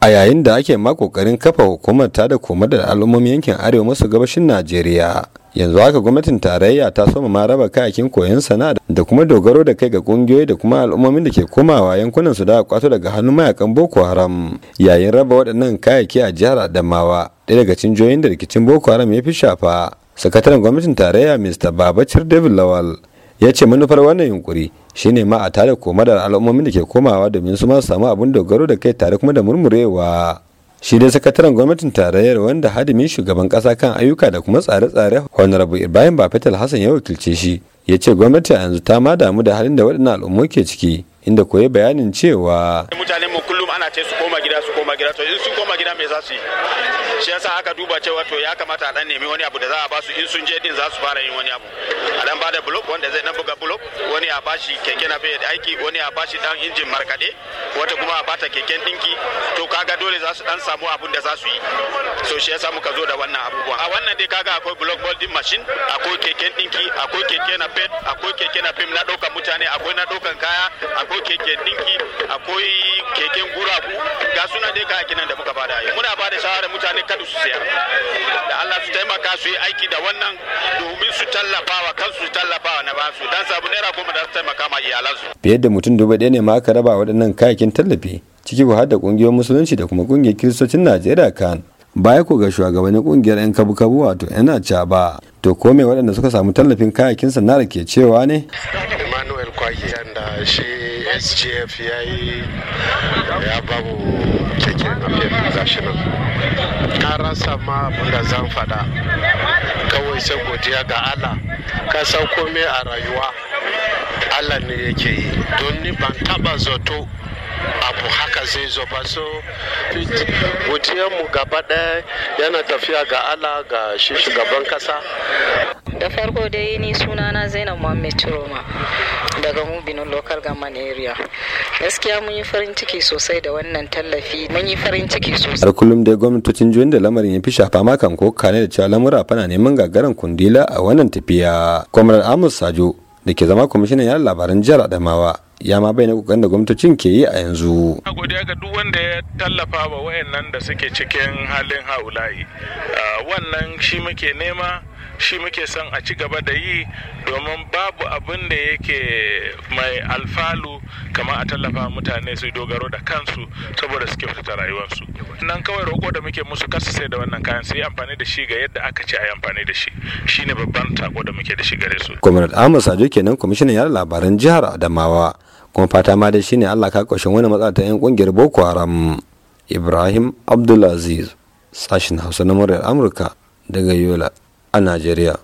a yayin da ake ma kokarin kafa hukumar ta da koma da al'ummomi yankin arewa masu gabashin najeriya yanzu haka gwamnatin tarayya ta soma ma raba kayakin koyon sana'a da kuma dogaro da kai ga kungiyoyi da kuma al'ummomin da ke komawa yankunan su da kwato daga hannun mayakan boko haram yayin raba waɗannan kayaki a jihar adamawa ɗaya daga cinjoyin da rikicin boko haram ya fi shafa sakataren gwamnatin tarayya mr babacir david lawal ya ce manufar wannan yunkuri shine ma a tare koma da al'ummomin da ke komawa domin su ma su samu abun dogaro da kai tare kuma da murmurewa shi dai sakataren gwamnatin tarayyar wanda hadimin shugaban kasa kan ayyuka da kuma tsare-tsare honorable ibrahim bafetal hassan ya wakilce shi ya ce gwamnati a yanzu ta ma damu da halin da waɗannan al'ummo ke ciki inda koyi bayanin cewa mutanen mu kullum ana ce su koma gida su koma gida to in sun koma gida me za su yi shi yasa aka duba cewa to ya kamata a dan nemi wani abu da za a ba su in sun je din za su fara yin wani abu zai blok wanda zai na buga bulok wani a bashi keke na fiye aiki wani a bashi dan injin markade wata kuma a bata keken dinki to kaga dole za su dan samu abun da za su yi so shi yasa muka zo da wannan abubuwa a wannan dai kaga akwai blok bolding machine akwai keken dinki akwai keke na pet akwai keke na fim na daukan mutane akwai na daukan kaya akwai keken dinki akwai keken guragu ga suna dai kayakin nan da muka ba kare mutane kada su saya da Allah su taimaka su yi aiki da wannan domin su tallafawa kansu su tallafawa na basu dan sabu naira goma da su taimaka ma iyalansu fiye da mutum dubu ɗaya ne ma aka raba waɗannan kayakin tallafi ciki ko har da ƙungiyoyin musulunci da kuma ƙungiyar kiristocin Najeriya kan baya ko ga shugabannin kungiyar 'yan kabu-kabu wato yana ba to ko me waɗanda suka samu tallafin kayakin sana'ar ke cewa ne emmanuel kwaki da shi sgf ya yi ya babu keken da shi nan na rasa ma abin da zan faɗa kawai sai godiya ga allah ka san komai a rayuwa allah ne yake yi don ni ban taba zato abu haka zai zo ba so mu gaba ɗaya yana tafiya ga allah ga shi shugaban kasa da farko dai ni sunana zainab muhammad turoma daga mubinin local government area gaskiya mun yi farin ciki sosai da wannan tallafi mun yi farin ciki sosai har kullum dai gwamnatocin juyin da lamarin ya fi shafa makan ko kane da cewa lamura fana neman gagarin kundila a wannan tafiya kwamrar amos sajo da ke zama kwamishinan yaran labaran jihar adamawa ya ma bai na kokarin da gwamnatocin ke yi a yanzu. godiya ga duk wanda ya tallafa wa wayannan da suke cikin halin haulayi. Ah, wannan shi muke nema shi muke son a ci gaba da yi domin babu abin da yake mai alfalu kamar a tallafa mutane su dogaro da kansu saboda suke fita rayuwarsu nan kawai roƙo da muke musu kasu sai da wannan kayan su yi amfani da shi ga yadda aka ce a yi amfani da shi shine babban tako da muke da shi gare su gwamnati ahmad sajo kenan kwamishinan yada labaran jihar adamawa kuma fata ma da shine allah ka ƙoshin wani matsala ta 'yan ƙungiyar boko haram ibrahim abdulaziz sashin hausa na muryar amurka daga yola a Najeriya.